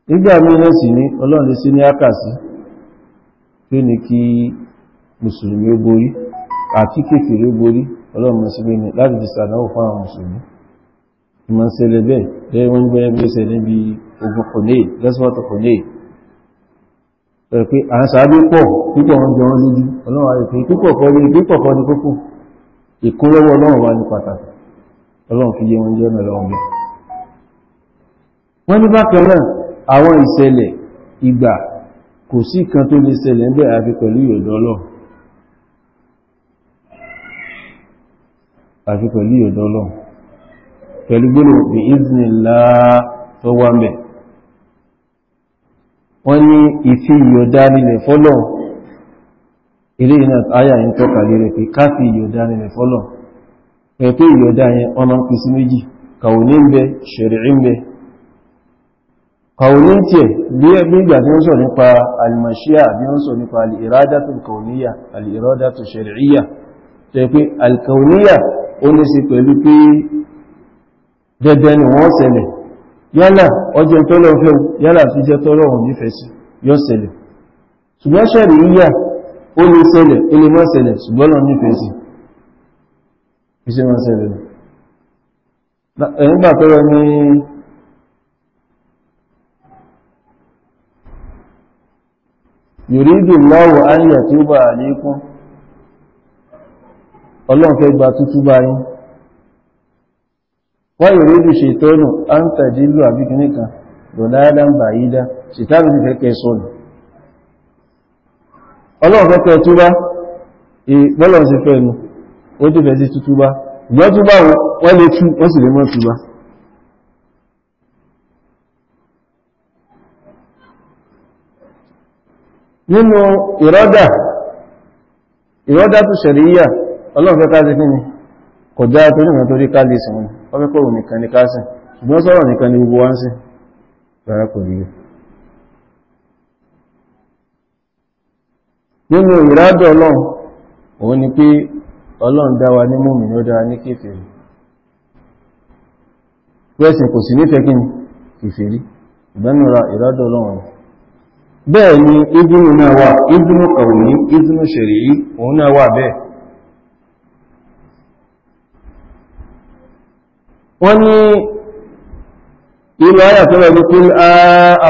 nígbà mìíràn sì ní ọlọ́run lè sí ní ákàsí tí ó ní kí mùsùlùmí ó borí àti kékeré ó borí ọlọ́run mọ̀ sí pé ní láti fi sàdáwò fún àwọn mùsùlùmí ìmọ̀ ń ṣẹlẹ̀ bẹ́ẹ̀ lẹ́yìn wọ́n gbẹ́rẹ́ bí ó ṣe ọlọ́run fi yé wọn jẹ́ mẹ́lọ ọmọ wọ́n ní bákan náà àwọn ìṣẹ̀lẹ̀ ìgbà kò sí kan tó lè ṣẹlẹ̀ ń bẹ̀ àfi pẹ̀lú ìyọ̀dọ̀ ọlọ́run àfi pẹ̀lú ìyọ̀dọ̀ ọlọ́run pẹ̀lú gbónà bí ìzìnlá tó wá mẹ́ ilé ìnáà ayà ń tọ́ka pé ká fi ìyọ̀dá nílẹ̀ fọ́lọ̀ pẹ̀pẹ́ ìyọ̀dá yẹn wọ́n máa ń pín sí méjì kàwòní ń bẹ ṣẹ̀rẹ̀ ń bẹ kàwòní ń tẹ̀ bí ẹgbẹ́ ìgbà tí wọ́n sọ nípa alìmọ̀ṣíà bí wọ́n sọ nípa alìrádàtù kàwòníyà alìrádàtù ṣẹ̀rẹ̀íyà tẹ́ pé alìkàwòníyà ó ní sí pẹ̀lú pé dẹ́dẹ́ ni wọ́n ṣẹlẹ̀ yálà ọjọ́ tọ́lọ́ fẹ́ yálà tí jẹ́ tọ́lọ́ wọn nífẹ̀ẹ́ sí yọ́ ṣẹlẹ̀ ṣùgbọ́n ṣẹ̀rẹ̀íyà ó ní ṣẹlẹ̀ ó ní mọ́ ṣẹlẹ̀ ṣùgbọ́n lọ iṣẹ́ wọn ṣẹlẹ̀ ẹ̀yìn ní yìírídì láwọ̀ ayíyà tí ó bá àlékún ọlọ́nkẹ́ gba tútú báyí wọ́n yìírídì ṣètọ́nù an tàdílù àbíkíníkà lọ́láàdán bàyídá ṣètàrí ní kẹ́kẹ́ sọ́nù ọlọ́nkẹ́ tẹ́ sí wọ́n tó fẹ̀sí tútú bá ìgbọ́n túbá wọ́n lè tú wọ́n sì lè mọ́ túbá nínú ìrọ́dà ìrọ́dà tó ṣẹ̀ríyà ọlọ́run fẹ́ ká sí kí ni kò dáa torí ìrìn torí ká lè sùn wọ́n fẹ́ kòrò nìkan ní ká sí ṣùgbọ́n sọ̀rọ̀ nìkan ní nínú ìrádọ̀ ọlọ́run òun ni pé ọlọ́run dá wa ní mùmínì ó dá wa ní kèfèrí pẹ́sìn kò sí nífẹ̀ẹ́ kí ni kèfèrí ìbẹ́nura ìrádọ́ ọlọ́run bẹ́ẹ̀ ni ìdúnú náà wà ìdúnú kàwòní ìdúnú ṣẹ̀rìí òun náà wà bẹ́ẹ̀ wọ́n ní ilẹ̀ ayà tó rẹ̀ lókún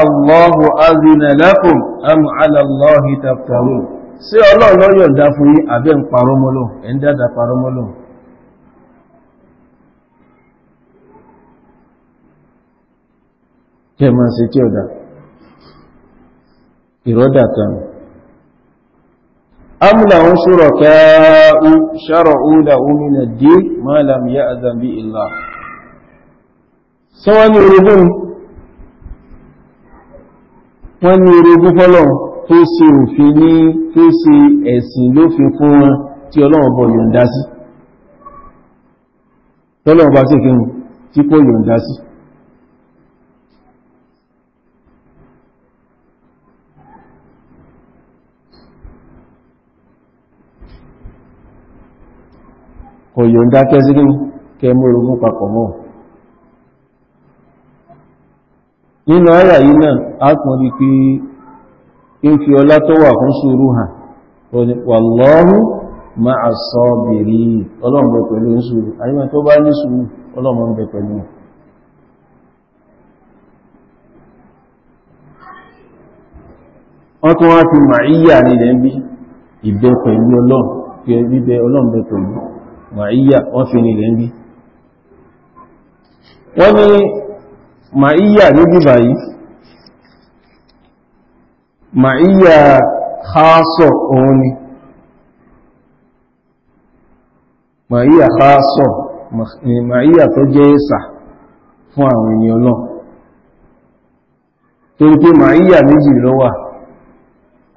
Allahu azina lakum am ala Allahi taftarun sí ọlọ́run lọ́yọ̀ ń dá fún yí àbẹ́ ń parọ́ mọ́lọ̀ ẹ̀ ń dáadáa parọ́ mọ́lọ̀ kí ẹ máa ṣe tí ọ̀dà ìrọ́dà kan amúlà ń ṣúrọ̀ káàú ṣàrọ̀ òdà òmìnà dé máa yá àzàbí ìlà sọ́wọ́n ní orogún wọ́n ní orogún fọ́lọ́run tó ṣe òfin ní tó ṣe ẹ̀sìn fi fún wọn tí ọlọ́run bọ̀ yọ̀ǹda sí tọ́lọ́run bá sí ìkẹrùn tí kó ń yọ̀ǹda sí kò yọ̀ǹda kẹsíkí kẹ múrogún papọ̀ mọ́ nínú ara yìí náà a kàn rí pé in fi ọlá tó wà fún sùúrù hàn ó ní wallahu ma'a sabirin ọlọ́run bẹ pẹ̀lú ń sùúrù àyíká tó bá ní pẹ̀lú wọn wá fi màáyà nílẹ̀ ń bí ìbẹ pẹ̀lú màíyà khásọ̀ òun ni màíyà khásọ̀ màíyà tó jẹ́ ẹ̀sà fún àwọn ènìyàn náà torí pé màíyà méjì ló wà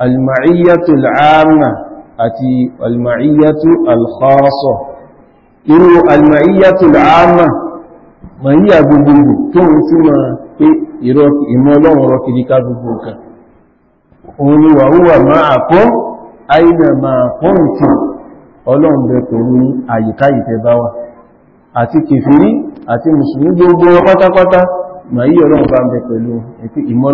almàíyàtò al'áàmà àti almàíyàtò alkhásọ̀ irú almàíyàtò al'áàmà màíyà gbogbogbò tó ń túnmà pé ìmọ̀ ọlọ́run rọ kìdíká gbogbo nǹkan olúwa wúwà máa kó àìnà máa kóǹtì ọlọ́m̀bẹ̀ àyíká àti kèfèrí àti mùsùlùmí gbogbo pátápátá ma yí ọlọ́run ń bẹ pẹ̀lú ẹ̀fí ìmọ̀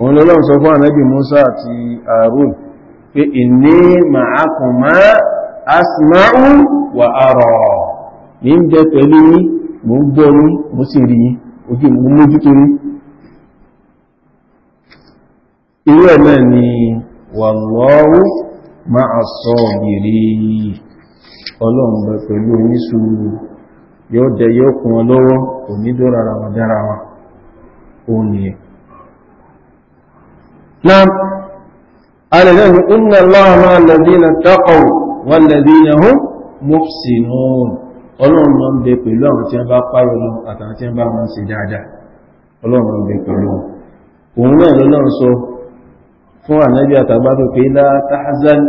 òun lọ́lọ́run sọ fún Musa àti Àrùn pé inni ma'akuma asma'u wa ara ní ń jẹ pẹ̀lú yí mo ń gbọ́ ní mo sì rí ojú mo mójú tó rí irú ẹ̀ náà ni ma a sabirin ọlọ́run bẹ pẹ̀lú oníṣùúrù yóò dẹ yóò kún ọ lọ́wọ́ onídọ́ra ara wọn dára alẹ́lẹ́ni iná láàmà lẹ́dínà taqaw wà lẹ́dínà hum muhsinun ọlọ́run ma ń bẹ pẹ̀lú àwọn tí a bá páyọ̀ lọ àtàwọn tí a bá máa ń ṣe dáadáa ọlọ́run ma ń bẹ pẹ̀lú òun náà lọ́lọ́run sọ fún ànábì àtàbádò pé la tahzan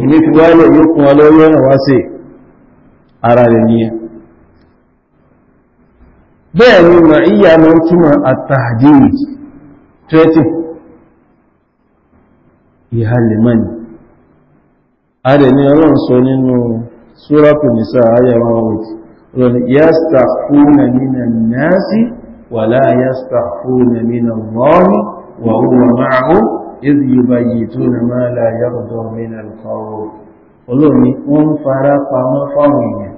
èmi ti wáyé ìyókùn ọlọ́wọ́ ọ̀nà wá sí ara rẹ̀ ní ẹ bẹ́ẹ̀ ni ma iya ma ń túnmọ̀ àtàdìrì 30 ìhàlẹ̀ mọ́ni a rẹ̀ ní ọlọ́run sọ nínú súrọ́pù nìsá ayẹwà òtù rọ̀lẹ̀ yastahfuna minan nasi wala yastahfuna minal llahi wa huwa ma'ahum إذ يبيتون ما لا na من القول olóòní wọ́n ń fara pamọ́ fáwọn èèyàn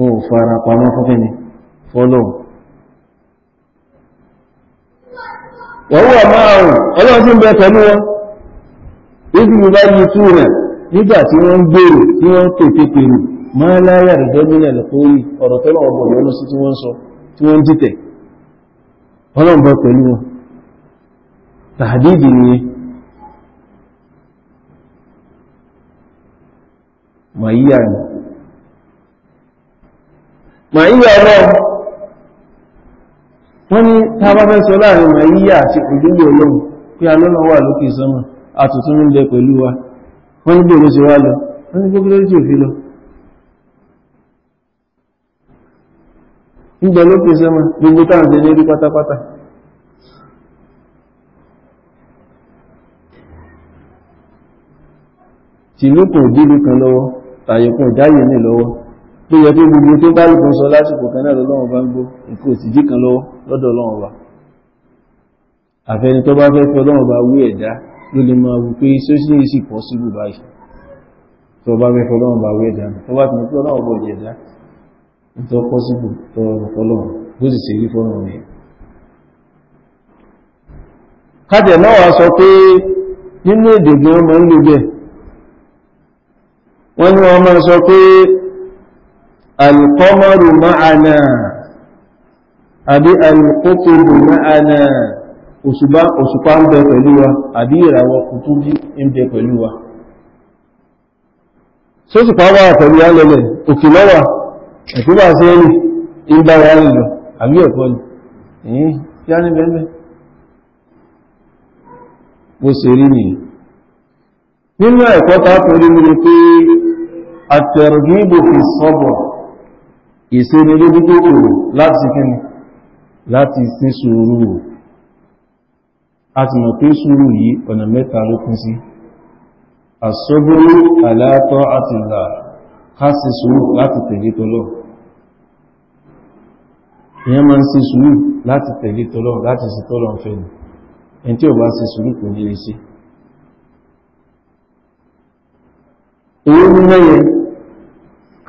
ó fara pamọ́ fọ́kẹ́ni fọ́lọ́ wọ́n wà máa rùn ọlọ́run tí ń bẹ pẹ̀lú wọn ibi ìbá yìí tú rẹ̀ nígbà tí wọ́n ń gbèrò tí wọ́n ń tètè pèrò máa láyà rẹ̀ mílẹ̀ lórí tahdidi ne ma ni màíyà náà wọ́n ní tábábẹ́ sọ láàrin màíyà àti òdúgbò olóhun pé alọ́nà wà lókè sánmà àtùtún ń bẹ pẹ̀lú wa wọ́n ní gbèrò sí wá lọ wọ́n ní gbogbo lórí tí ò fi lọ ń bẹ lókè sánmà gbogbo táwọn tìlú kò dílù kan lọ́wọ́ tàyẹ̀kùn ìdáyè ní lọ́wọ́ tó yẹ pé gbogbo tó bá lùkún sọ lásìkò kan náà lọ́wọ́ bá ń gbó nǹkan òsì dí kan lọ́wọ́ lọ́dọ̀ ọlọ́wọ́ wa àfẹni tó bá fẹ́ fi ọlọ́wọ́ bá wí ẹ̀dá ló lè máa wù pé sósì èsì pọ̀ sílù báyìí tó bá fẹ́ fi ọlọ́wọ́ bá wí ẹ̀dá tó bá fi mọ̀ pé ọlọ́wọ́ bọ̀ ẹ̀dá tó pọ̀ sílù tó rọ̀ fọlọ́wọ́ bó sì ṣe rí fọ́nà nìyẹn kájẹ̀ náà wá sọ pé nínú èdè gan ọmọ ń lò bẹ́ẹ̀ wọ́n ní wọ́n máa sọ pé alkọ́mọ̀rù ma'ana àbí alkọ́tòrò ma'ana òṣùpá ń bẹ pẹ̀lú wa àbí ìràwọ̀ òtúndí ń bẹ pẹ̀lú wa sóṣùpá wà pẹ̀lú alẹ́lẹ̀ òkè lọ́wà ẹ̀kúbà sí ẹni ń bá wa ẹ̀kọ́ ni ẹ̀yìn kí á ní pé àtẹ̀rùgbìbò fi sọ́bọ̀ ìsinmi lójú tó kòrò láti kíni láti sí sùúrù a ti mọ̀ pé sùúrù yìí ọ̀nà mẹ́ta ló kún sí àsọ́bọ̀rú aláàtọ́ àti ìlà ká sí sùúrù láti tẹ̀lé tọ́lọ̀ ìyẹn máa ń sí sùúrù láti tẹ̀lé èyí ní mẹ́yẹn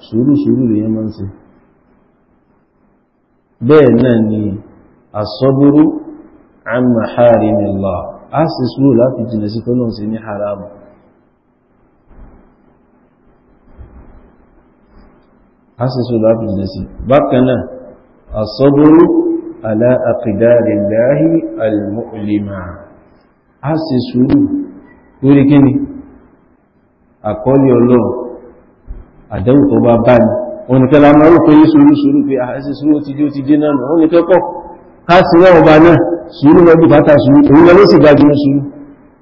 sùúrù sùúrù lèyàn máa ń ṣe bẹ́ẹ̀ náà ni àsọ́búrú àmà harimillah a sì sùúrù láti jìnà sí tọ́lọ̀ sí ní haramu a sì sùúrù láti jìnà sí bákan náà àsọ́búrú ala aqdarillahi a sì sùúrù lórí kíni àkọ́lé ọlọ́run àdẹ́wò tó bá bá ní òun nìkan la máa rò pé sùúrù sùúrù pé àṣẹ ah, sùúrù ti dé ó ti dé náà òun nìkan kọ́ ká sí náà ọba náà sùúrù wọn bí bàtà sùúrù òun lọ sì gbájú ní sùúrù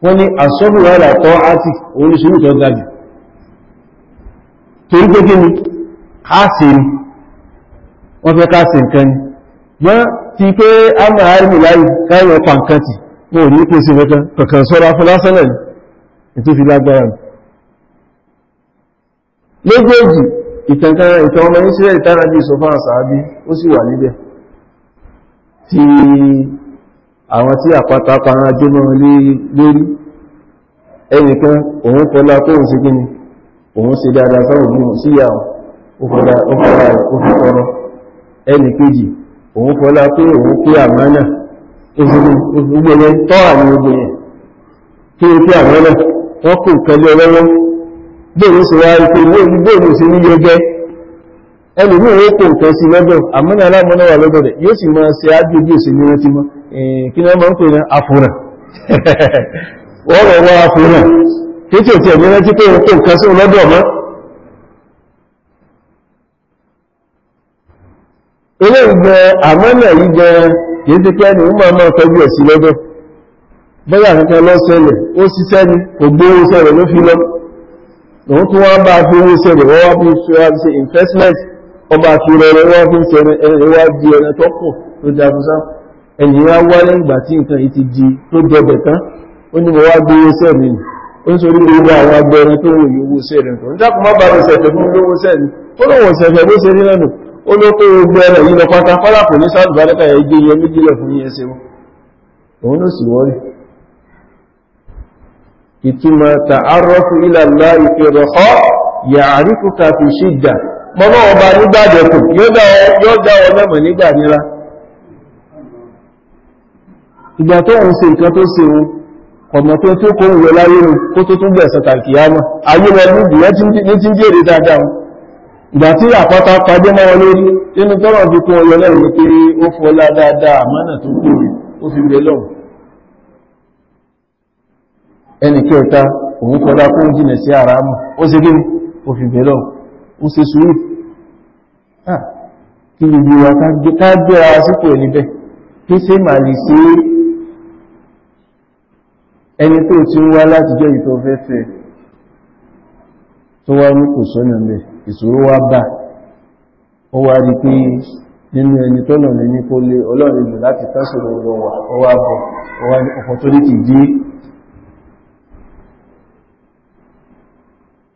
wọ́n ní àsọ́bù rárá tọ́ áti òun ní sùúrù tó gbájú torí ni méjèèjì ìtẹ̀kan ìtàn ọmọ israẹli tára bí sọ fáwọn sàábí ó sì wà níbẹ̀ tí àwọn tí àpáta para jóná lórí ẹnìkan òun kọlá tó ń ṣe gíní òun ṣe dáadáa sáwọn òbí wọn síyà ó kọlá ó kọlá ó fi kọrọ ẹnì kejì òun kọlá pé òun pé àmánà gbogbo yẹn tọ́ àmì gbogbo yẹn kí o bóòrò sí wá rí pé ní bóòrò sí ní yẹgẹ́ ẹlù ní ìwé kò tẹ́ sí lọ́dọ̀ àmúnà aláàmúnà wà lọ́dọ̀ rẹ̀ yóò sì máa ṣe ájú bí òsì ní rántí mọ́ kí ni wọ́n máa ń pè ní afúnà wọ́n rọ̀ wọ́n afúnà kí tí ò tí ẹ̀mí rántí pé kò kẹ́ sí lọ́dọ̀ mọ́ ilé ìgbẹ́ àmúnà yìí jẹ kìí ti pẹ́ ni wọ́n máa tọ́jú ẹ̀ sí lọ́dọ̀ bọ́yà kankan lọ́sẹ̀lẹ̀ ó ṣiṣẹ́ ni kò gbé ló fi lọ́dọ̀ òun tí wọ́n bá fi rí sẹ́rẹ̀ wọ́n wá bí fi wá ṣe investment wọ́n bá fi rẹ̀ wọ́n fi ṣe ẹni wá di ẹni tó kù tó da fún sá ẹni wá wá lẹ́yìn ìgbà tí nǹkan yìí ti di tó dọbẹ̀ tán ó ní mo wá gbé owó sẹ́rẹ̀ ni ó ń sorí gbogbo àwọn agbẹ ẹni tó wòye owó sẹ́rẹ̀ tó ń dákun má bá mi sẹ̀fẹ̀ fún lówó sẹ́rẹ̀ tó lówó sẹ̀fẹ̀ bó ṣe rí lẹ́nu ó ló kó gbogbo ẹ̀rọ yìí lọ pátá kọ́lá kò ní sáàdùbáríkà ẹgbẹ́ yẹn méjìlẹ̀ fún yẹn ṣe wọn òun ló sì wọ́rì ìtumọ̀ ta'arrafu ila Allah ìfẹ́rọ̀họ́ ya'rifuka fi shidda mọ́mọ́ ọba nígbàdẹ̀kù yóò dá ọ mẹ́mọ̀ nígbà nira ìgbà tó ń ṣe nǹkan tó ṣe ohun ọ̀nà tó tó kó ń wọ láyé ohun kó tó tún gbẹ̀sẹ̀ tàkìyàmọ́ ayé lọ níbi ní ti ń jèrè dáadáa wọn ìgbà tí àpáta pàdé mọ́ wọn lórí nínú tọ́rọ̀ fi kún ọyọ lẹ́rùn pé ó fọ́ ládáadáa àmánà tó kúrò ó fi lè lọ́wọ́ ẹni kẹta òun kọlá kó jìnà sí ara mọ̀ ó sì gíní ó fi bẹ̀rọ ó sì sùúrù ah, kí gbogbo wa ká gbéra sípò ẹni bẹ́ kí sí màá lè sí ẹni tó ti ń wá láti jẹ́ ìtọ́ fẹ́fẹ́ tó wá ní kò sọ́nà mẹ́ ìṣòro wá bá ó wá rí pé nínú ẹni tọ́nà ní kó lé ọlọ́rin láti tásòrò ọwọ́ wà ọwá bọ̀ ọwá opportunity dé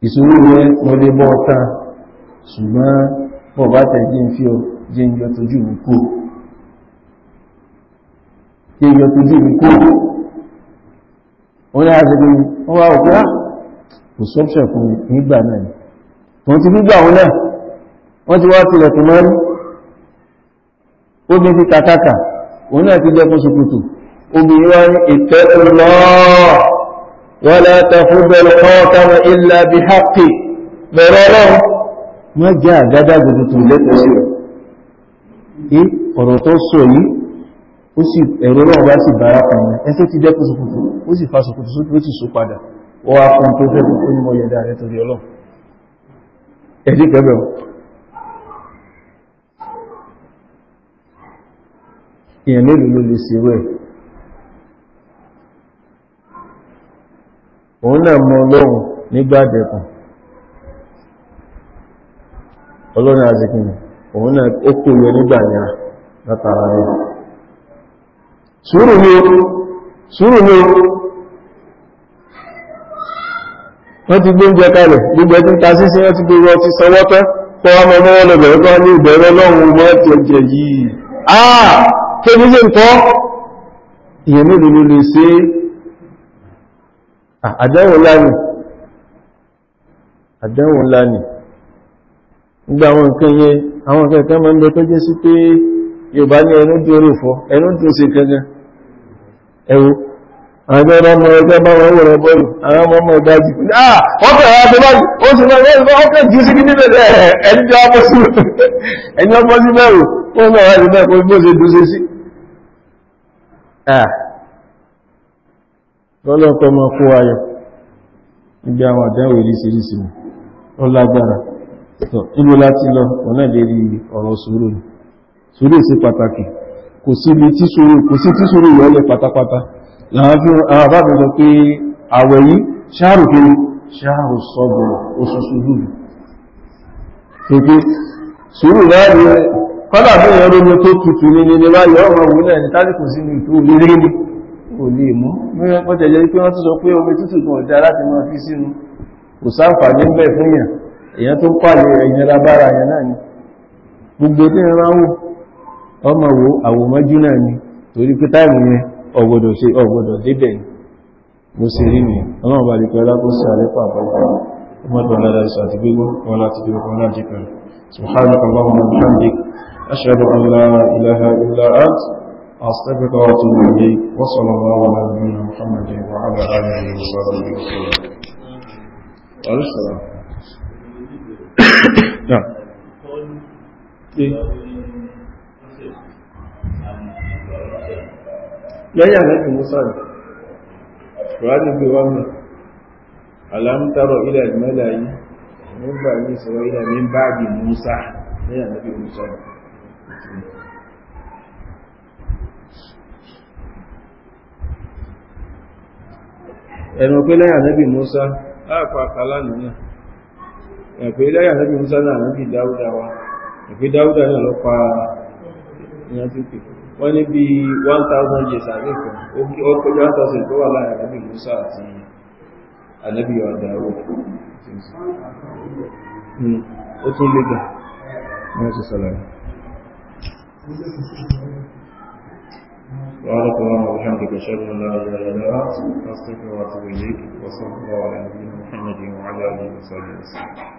ìṣòro rẹ mo lè bọ́ ọ̀tá ṣùgbọ́n bọ́ bá tẹ̀ jí ń fi ọ jí ń yọ tójú mi kó jí ń yọ tójú mi kó ó ní àṣẹ́gbé mi ó wá òkú á ah, kò sọ́pṣẹ̀ fún mi nígbà náà ni wọ́n ti gbígbà wọn náà wọ́n ti wá tilẹ̀kùn mọ́rí ó ti kàkàkà òun náà ti jẹ́ fún ṣòkòtò obìnrin wá ní ìtẹ́kùn lọ́ọ̀ ولا تفض الخاتم إلا بحق مرارا ما جاء غدا غدا تولد أسير إيه ọ̀rọ̀tọ́ sọ yìí ó sì ẹ̀rọ ọ̀rọ̀ wá sí bára kan náà ẹsẹ́ ti dẹ́kùn sókùtù ó sì fa sókùtù sókùtù ó sì òun náà mọ ọlọ́run nígbàdẹ̀kùn ọlọ́run àzìkìnì òun náà ó kò yọ nígbàyà látara rẹ̀ sùúrù ni ó sùúrù ni ó wọ́n ti gbé oúnjẹ kalẹ̀ gbogbo ẹ̀tí ń ta sí sí wọ́n ti gbogbo ọtí sanwó tán kọ́ ọmọ ọmọ wọn lọ́bẹ̀rẹ̀ kọ́ ní ìbẹ̀rẹ̀ ọlọ́run mọ́ tẹ̀jẹ̀ yìí àà kébí sí ń tọ́ ìyẹn mélòó lè ṣe Ah, àdánwò ńlá ni àdánwò ńlá ni nígbà àwọn nǹkan yẹn àwọn nǹkan kan máa ń bẹ tó jẹ́ sí pé Yorùbá ní ẹnu dún orí ìfọ́ ẹnu dún sí kankan ẹwọ àwọn ọmọ ọmọ ẹgbẹ́ bá wọn wọ̀rọ̀ bọ́ọ̀lù àwọn ọmọ ọmọ ẹgbẹ́ jù ah ọkọ̀ ẹ̀rọ àti báyìí ó sì máa wọ́n ọkọ̀ jù sí kíní bẹ̀rẹ̀ ẹni jọ ọmọ sí ẹni ọmọ sí bẹ̀rù ó mọ̀ wá sí bẹ́ẹ̀ kó bó ṣe dùn sí sí ah lọ́lọ́kọ́ mọ́ kó ayọ̀ níbi àwọn àdáwò ìrísìírísì ó lágbára inú láti lọ ọ̀nà ìlérí ọ̀rọ̀ sùúrù ni sùúrù sí pàtàkì kò sí tí sùúrù ìwọ́lẹ̀ pátápátá láàáfíà sọ pé àwẹ̀ yìí ṣáàrù kí ni ṣáàrù sọ́bọ̀ oṣù sùúrù pẹ̀pẹ́ sùúrù láàrin kọ́lá bí ẹ̀rọ mi tó tutù ní ní láyọ̀ ọ̀rọ̀ òun náà ní tálíkù kò lè mú mẹ́rin pọ́ tẹ̀lé pé wọ́n tún sọ pé omi tútù kan ọ̀dá láti máa fi sínú kò sáǹfààní ń bẹ̀ fún yàn èèyàn tó pàlẹ̀ ẹ̀yìn lábára yẹn náà ni gbogbo tí ń ránwò ọmọ wo àwòmọ́jú náà ni torí pé táìmù yẹn ọ̀gbọ̀dọ̀ ṣe ọ̀gbọ̀dọ̀ débẹ̀ ni mo sì rí ni ọlọ́run bá lè pẹ́ lákòóso àlékún àpapọ̀ ọmọdé wọn lára ìṣàtì gbígbó أستغفرك وأتوب إليك وصلى الله على نبينا محمد وعلى آله وصحبه وسلم. السلام. نعم. lẹ́yìn àlẹ́kùn musa rádìí gbé wá mọ̀ alámtàrọ̀ ilẹ̀ ìmẹ́lẹ̀ yìí nígbà ní ìsọ̀rọ̀ ilẹ̀ ní báàgì musa lẹ́yìn àlẹ́kùn musa ẹ̀rùn pé lẹ́yìn Musa láàpá kàlánà náà ẹ̀pẹ́ lẹ́yìn ànábì Musa náà ànábì Dáúdà wa ẹ̀pẹ́ Dáúdà náà lọ pa ìyàntúkè wọ́n ní bí 1000 years àríkọ̀ ó 1000 tó wà láàrin ànábì Musa àti ànábì ọ̀dà hmm. ó otu سبحانك اللهم وبحمدك اشهد ان لا اله الا انت استغفرك واتوب اليك وصلى الله على نبينا محمد وعلى اله وصحبه وسلم